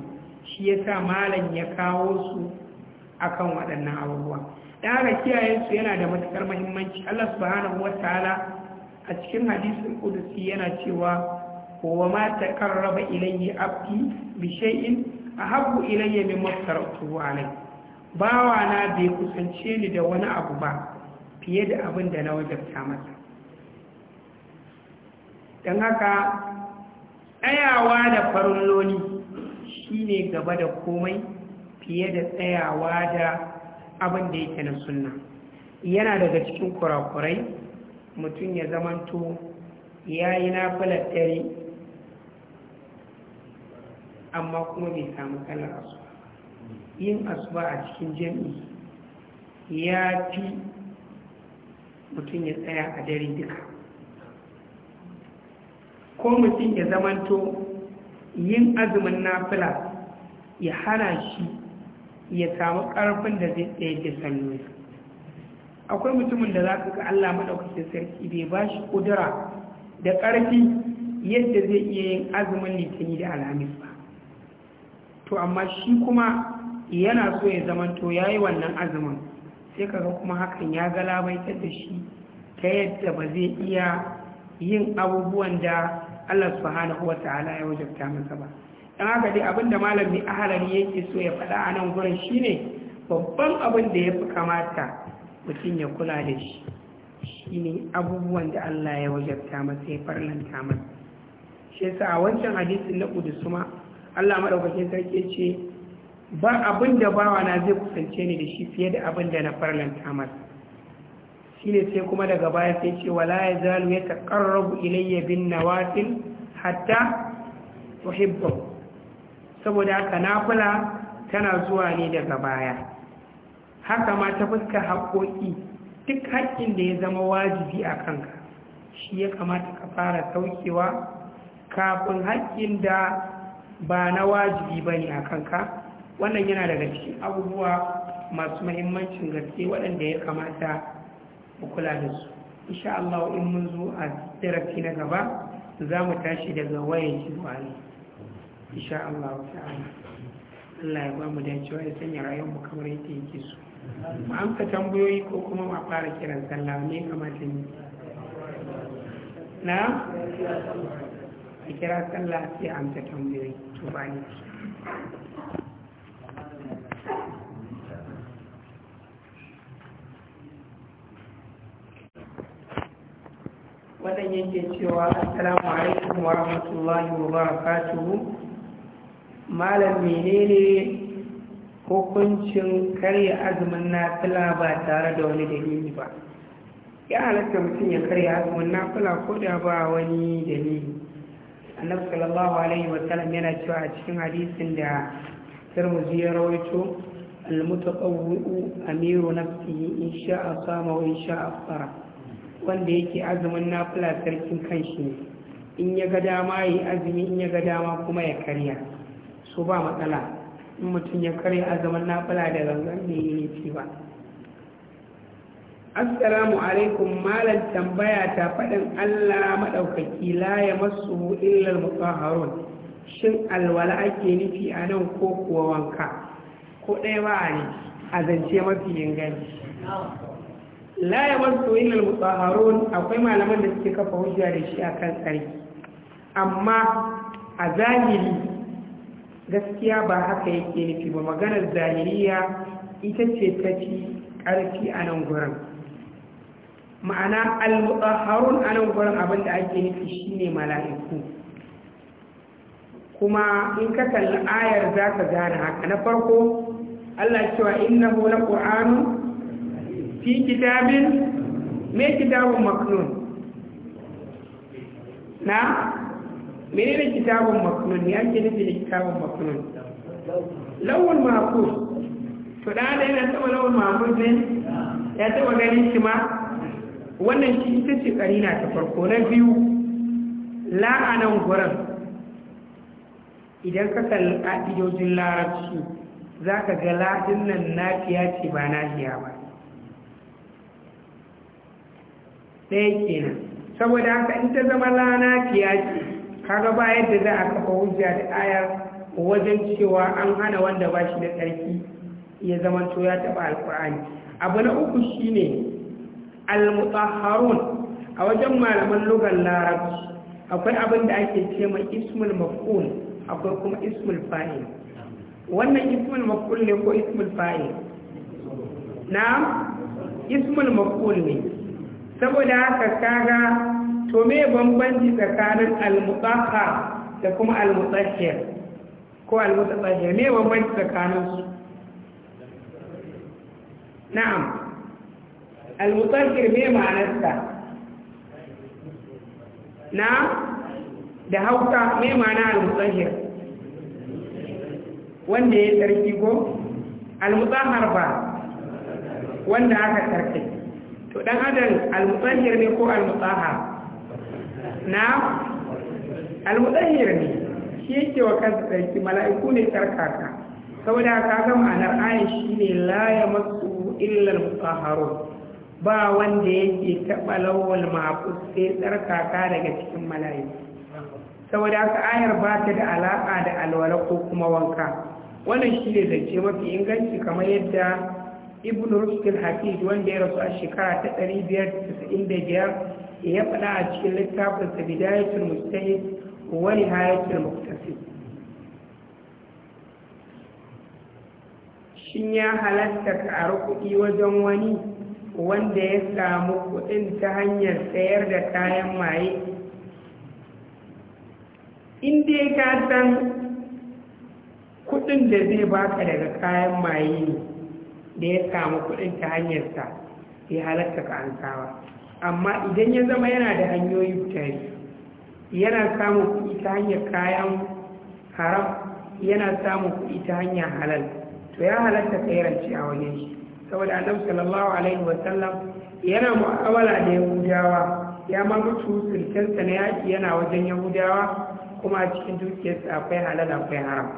[SPEAKER 1] shi ya sa malam ya kawo su akan waɗannan abubuwa dan haka kiyaye su yana da matukar mahimmanci Allah subhanahu ta'ala a cikin hadisin kudusi yana cewa wa ma taqarraba ilayya abdi bi shay'in ahabbu ilayya mimma taraktuhu alayhi bawa na bai kusance ni da wani abu ba fiye da abin da na wajabta masa don haka tsayawa da farilloli shine gaba da komai fiye da tsayawa da abin da yake na sunna yana daga cikin kurakurai mutum ya zamanto ya yi nafilar ɗari. amma kuma bai samu kalar asuba yin asuba a cikin jami'i ya fi mutum ya tsaya a dare duka ko mutum ya zamanto yin azumin nafila ya hana shi ya samu ƙarfin da zai tsaye da sannu akwai mutumin da za ka ga allah maɗaukacin sarki bai ba shi ƙudura da ƙarfi yadda zai iya yin azumin litini da alhamis ba to amma shi kuma yana so ya zamanto ya yi wannan azumin sai kaga kuma hakan ya galabaitar da shi ta yadda ba zai iya yin abubuwan da Allah subhanahu wa ta'ala ya wajabta masa ba dan haka dai da malami ahalari yake so ya faɗa a nan gurin shine babban abin da ya fi kamata mutum ya kula da shi shine abubuwan da Allah ya wajabta masa ya farlanta masa shi a wancan hadisin na kudu suma Allah maɗaukacin sarki ce ba abin da bawa na zai kusance ni da shi fiye da abin da na farlanta masa shi ne sai kuma daga baya sai ce wala ya zalu ya taƙarrabu ilayya bin nawafil hatta tuhibbu saboda haka kula tana zuwa ne daga baya haka ma ta fuska haƙoƙi duk haƙƙin da ya zama wajibi a kanka shi ya kamata ka fara saukewa kafin haƙƙin da ba na wajibi ba ne a kanka wannan yana daga cikin abubuwa masu mahimmancin gaske waɗanda ya kamata mu kula da su insha Allah in mun zo a darasi na gaba za mu tashi daga wayan jiwani insha Allah ta'ala Allah ya ba mu dacewa ya sanya rayuwar mu kamar yadda yake so mu amsa tambayoyi ko kuma mu fara kiran sallah ne kamata ni na ki kira sallah sai ta tambayoyi to ba ni wannan yake cewa assalamu alaikum wa rahmatullahi wa barakatuhu malam menene hukuncin karya azumin nafila ba tare da wani dalili ba ya halatta mutum ya karya azumin nafila ko da ba wani dalili annabi sallallahu alaihi sallam yana cewa a cikin hadisin da tirmidhi ya rawaito almutaqawwi'u amiru nafsihi in sha'a sama wa in sha'a afara wanda yake azumin nafila sarkin kanshi ne in ya ga dama yi azumi in ya ga dama kuma ya karya so ba matsala in mutum ya karya azumin nafila da gangan ne yi ba assalamu alaikum malam tambaya ta faɗin allah maɗaukaki la ya masu illar mutaharun shin alwala ake nufi a nan ko kuwa wanka ko ɗaya ba a ne a zance mafi inganci la ya masu illar mutaharun akwai malaman da suke kafa hujja da shi a kan amma a zahiri gaskiya ba haka yake nufi ba maganar zahiriya ita ce ta ci ƙarfi a nan gurin ma'ana al-mutahharun anan gurin abin da ake nufi shine mala'iku kuma in ka kalli ayar za ka gane haka na farko Allah cewa innahu laqur'anu fi kitabin me kitabun maknun na menene kitabun maknun ya ke nufi da kitabun maknun lawan mahfuz to da yana taba lawan mahfuz ne ya taba ganin shi ma wannan shi ita ce karina ta farko na biyu la'anan gurin idan ka kalli ƙa'idojin larabci za ka ga la'adin nan nafiya ce ba nahiya ba ɗaya kenan saboda haka in ta zama la'ana fiya ce kaga ba da za a kafa hujja da ayar wajen cewa an hana wanda ba shi da tsarki ya zama to ya taɓa alƙur'ani abu na uku shine al-mutahharun a wajen malaman lugar larabci akwai abin da ake ce mai ismul maf'ul akwai kuma ismul fa'il wannan ismul maf'ul ne ko ismul fa'il na ismul maf'ul ne saboda haka kaga to me bambanci tsakanin al-mutahhar da kuma al-mutahhir ko al-mutahhir me bambanci tsakanin su na'am almutsakir me ma'anarsa na da hauka me ma'ana almutsakir wanda ya tsarki ko almutsahar ba wanda aka tsarki to dan adam almutsahir ne ko almutsaha na almutsahir ne shi yake wa kansa tsarki mala'iku ne tsarkaka saboda ka ga ma'anar ayin shi ne la ya masu illal mutsaharun ba wanda yake taɓa lawal mafus sai tsarkaka daga cikin malayi saboda haka ayar ba ta da alaƙa da alwala ko kuma wanka wannan shi ne zance mafi inganci kamar yadda ibn rushd al-hafiz wanda ya rasu a shekara ta 595 ya faɗa a cikin littafin sa bidayatul mustahid wa nihayatul muqtasid shin ya halatta ka a kuɗi wajen wani wanda ya samu kuɗin ta hanyar sayar da kayan maye in dai ka san kuɗin da zai baka daga kayan maye ne da ya samu kuɗin ta hanyarsa ya halatta ka ansawa amma idan ya zama yana da hanyoyi guda yana samun kuɗi ta hanyar kayan haram yana samun kuɗi ta hanyar halal to ya halatta ka yi a wajen shi saboda annabi sallallahu alaihi wasallam yana mu'amala da yahudawa ya ma mutu sulkensa na yaki yana wajen yahudawa kuma a cikin dukiyarsa akwai halal akwai haram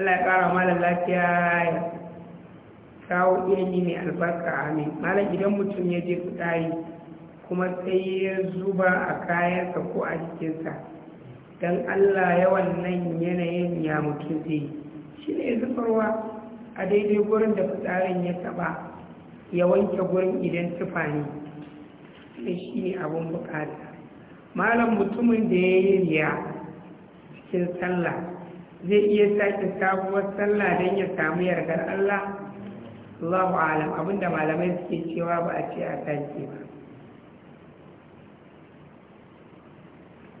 [SPEAKER 1] Allah ya ƙara malam lafiya ya kawo ilimi mai albarka amin malam idan mutum ya je fitari kuma sai ya zuba a kayansa ko a jikinsa dan Allah yawan nan yanayin ya mutu zai shi ne zubarwa a daidai gurin da fitsarin ya taba ya wanke gurin idan tufani ne shi ne abin bukata malam mutumin da ya yi riya cikin sallah zai iya sake sabuwar sallah don ya samu yargar Allah Allahu alam abinda malamai suke cewa ba a ce a sake ba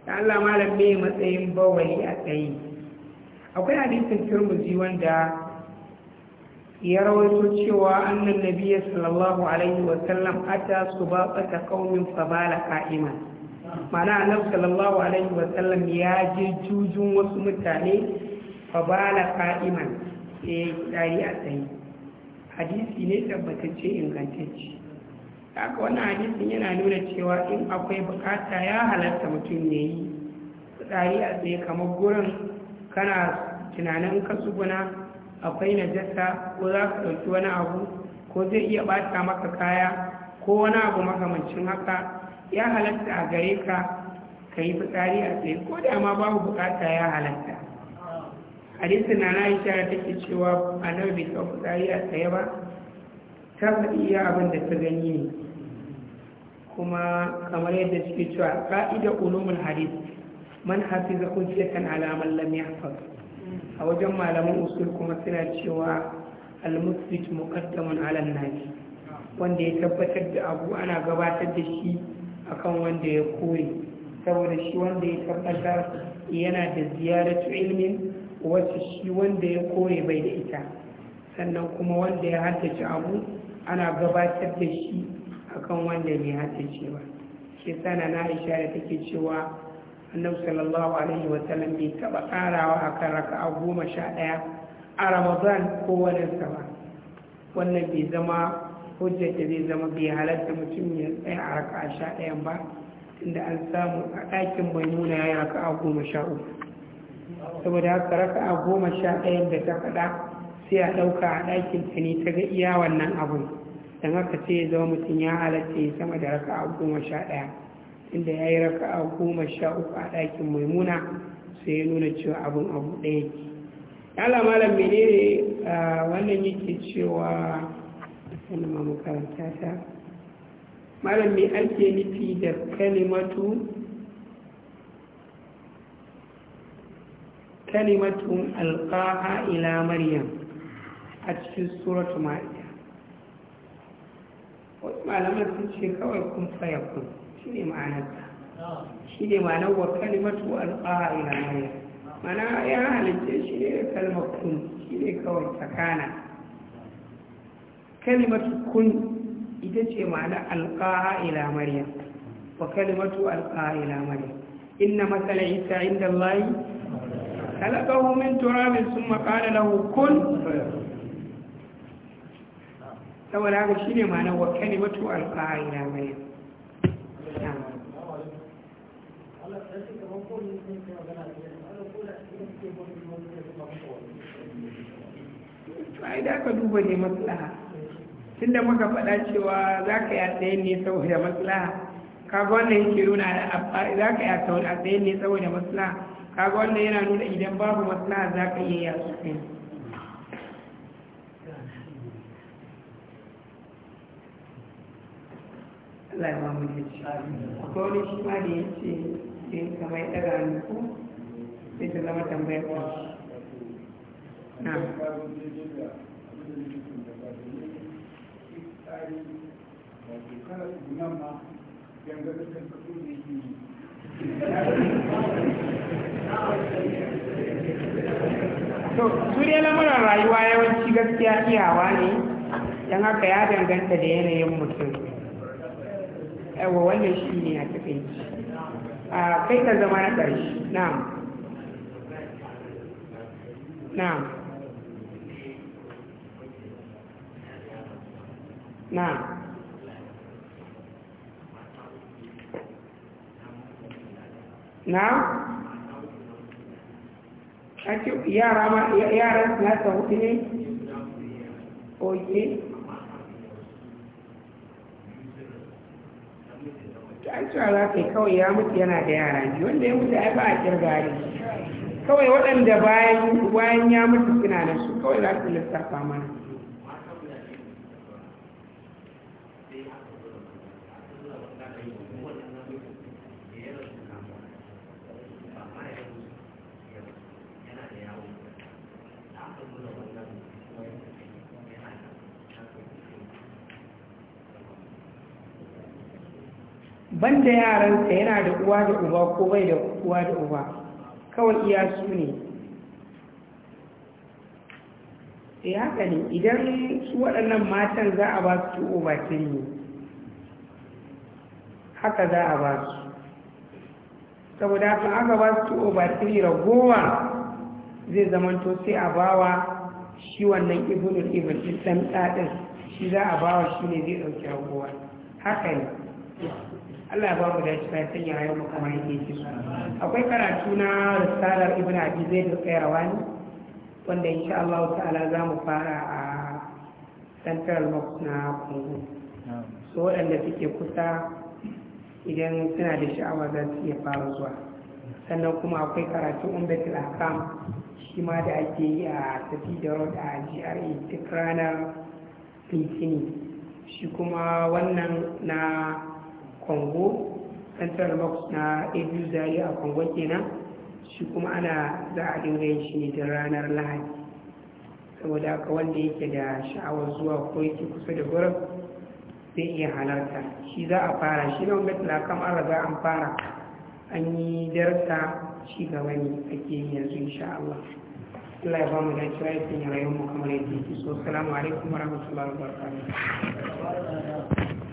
[SPEAKER 1] da Allah malam me matsayin bawali a tsayi akwai hadisin turmuzi wanda ya rawaito cewa annan nabiya sallallahu alaihi wasallam ata su ba tsaka kaumin fabala ka'iman mana annabi sallallahu alaihi wasallam ya je jujun wasu mutane fabala ka'iman sai eh, ya tsari a tsaye hadisi ne tabbatacce ingantacce haka wannan hadisin yana nuna cewa in akwai bukata ya halatta mutum ya yi tsari a tsaye kamar gurin kana tunanin ka tsuguna akwai najasa ko za ka ɗauki wani abu ko zai iya ɓata maka kaya ko wani abu makamancin haka ya halatta a gare ka ka yi fitsari a tsaye ko da ma babu bukata ya halatta hadisin na na isha take cewa nan bai kawo fitsari a tsaye ba ta faɗi iya abin da ta gani ne kuma kamar yadda suke cewa ka'ida ulumul hadis man hafi hujjatan ala alamun lam yahfaz a wajen malaman usul kuma suna cewa almusbit muqaddamun ala nafi wanda ya tabbatar da abu ana gabatar da shi akan wanda ya kore saboda shi wanda ya tabbatar yana da ziyaratu ilmin wacce shi wanda ya kore bai da ita sannan kuma wanda ya haddace abu ana gabatar da shi akan wanda ya haddace ba shi sana na aisha da take cewa annabi sallallahu alaihi wasallam bai taɓa ƙarawa a kan raka'a goma sha ɗaya a ramadan ko wani sama wannan bai zama hujjar da zai zama bai halatta mutum ya tsaya a raka'a sha ɗayan ba tunda an samu a ɗakin maimuna ya yi raka'a goma sha uku saboda haka raka'a goma sha ɗayan da ta faɗa sai a ɗauka a ɗakin ta ne ta ga iya wannan abin don haka sai ya zama mutum ya halatta sama da raka'a goma sha ɗaya inda ya yi raka a goma sha uku a ɗakin maimuna sai ya nuna cewa abin abu ɗaya ke yala malam menene wannan yake cewa wani mamu karanta ta malam me ake nufi da kalimatu kalimatun alƙaha ila maryam a cikin suratu ma'ida wasu malaman sun ce kawai kun faya kun shi ne ma'anarsa shi ne ma'anar wa kalimatu alƙaha ila maryam mana ya halitta shi ne da kalmar kun shi ne kawai tsakana kalimatu kun ita ce ma'ana alƙaha ila maryam wa kalimatu alƙaha ila maryam inna matsala isa inda layi. خلقه من تراب ثم قال له كن saboda haka shi ne ma'ana wa kalimatu alƙaha ila maryam ai ka duba ne maslaha tun da muka faɗa cewa za ka yi a tsaye ne saboda maslaha kaga wannan yake nuna za ka yi a ne saboda maslaha kaga wannan yana nuna idan babu maslaha za ka iya yi a tsaye Allah ya mamu Akwai wani shi ma da ya ce sai kamar ya ɗaga nuku sai ta zama tambayar ta
[SPEAKER 2] na to su
[SPEAKER 1] dai lamuran rayuwa yawanci gaskiya iyawa ne don haka ya danganta da yanayin mutum yawa wannan shi ne a takaici a kai ka zama na ƙarshe na'am na'am na'am yara ma yaran na ta ne oke an cewa za ka yi kawai ya mutu yana da yara ne wanda ya mutu ai ba a kirga ne kawai waɗanda bayan ya mutu suna da su kawai za su lissafa mana da yaransa yana da uwa da uba ko bai da uwa da uba kawai iya su ne sai eh, haka ne idan su waɗannan matan za a ba su tuwo bakin ne haka za a ba su saboda haka aka ba su tuwo bakin ragowa zai zamanto sai a bawa shi wannan ibunin ibn islam ɗaɗin shi za a bawa shi ne zai ɗauki ragowa haka ne Allah ya ba mu dace sai sanya rayuwar mu kamar yake shi akwai karatu na risalar ibn abi zaid al-qayrawani wanda insha Allah ta'ala za mu fara a central mosque na Congo so waɗanda suke kusa idan suna da sha'awa za su iya fara zuwa sannan kuma akwai karatu umbatul ahkam shi ma da ake yi a tafi da road a GRA duk ranar litini shi kuma wannan na kwango central box na abu zari a kwango kenan shi kuma ana za a dinga yin shi ne da ranar lahadi saboda aka wanda yake da sha'awar zuwa ko yake kusa da gurin zai iya halarta shi za a fara shi na wanda lakam an raga an fara an yi darsa ci gaba ne ake yi yanzu insha Allah Allah ya ba mu dace ya sanya rayuwar mu kamar yadda yake so assalamu alaikum warahmatullahi wabarakatuh